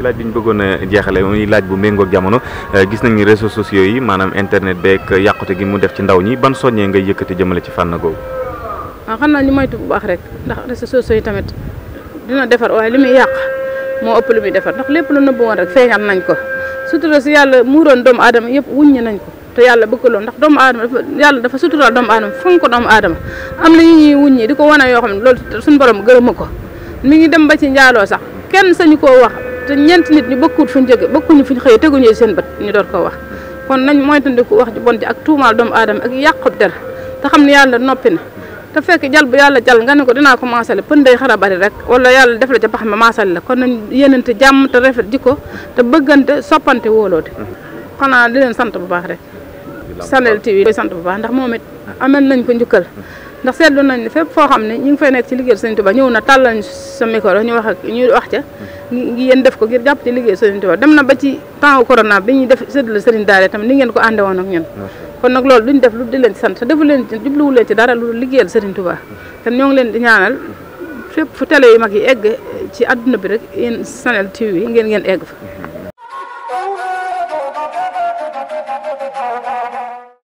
ci laaj bi ñu bëggoon a jeexale muy laaj bu méngoog jamono euh, gis nañ ni réseaux sociaux yi maanaam internet beeg yàqute gi mu def ci ndaw ñi ban soññee ngay yëkkati jëmale ci fànn googu. waaw ah, xam naa ñu moytu bu baax rek ndax réseaux sociaux yi tamit dina defar waaye li muy yàq moo ëpp lu muy defar ndax lépp lu nëbbu woon rek feeñal nañ ko sutura si yàlla muuroon doomu aadama yëpp wuññi nañ ko te yàlla bëgg loolu ndax doomu aadama dafa yàlla dafa suturaal doomu aadama fonk ko doomu aadama am na ñuy wuññi di ko wane yoo xam ne loolu suñu borom gërëma ko mi ngi dem ba ci njaaloo sax kenn sañu koo te ñeent nit ñu bokkuwut fuñ jóge bokkuñu ñu xëyee teguñu seen bët ñu door ko wax kon nañ moytandiku wax ju bon ji ak tuumaal doomu aadama ak yàqub der te xam ne yàlla noppi na te fekk jal bu yàlla jal nga ne ko dinaa ko maasale pën day xara bari rek wala yàlla def la ca pax ma maasale la kon nañ yéenante jàmm te rafet jikko te bëggante soppante wóoloote xanaa di leen sant bu baax rek Sanel TV sant bu baax ndax moom it amal nañ ko njukkal ndax seetlu nañ ne fépp foo xam ne ñu ngi fay nekk ci liggéey Sëriñ Tuubaa ñëw na tàllal sa micro ñu wax ak ñu wax ca ngi yéen def ko ngir jàpp ci liggéey Sëriñ Tuubaa dem na ba ci temps corona bi ñuy def séddale sëriñ daara tam ni ngeen ko ànde woon ak ñun kon nag loolu ñu def lu di leen sant defu leen jubluwu leen ci dara lu liggéeyal Sëriñ Tuubaa te ñoo leen di ñaanal fépp fu télé yu mag yi egg ci àdduna bi rek yéen Sanel TV ngeen ngeen egg fa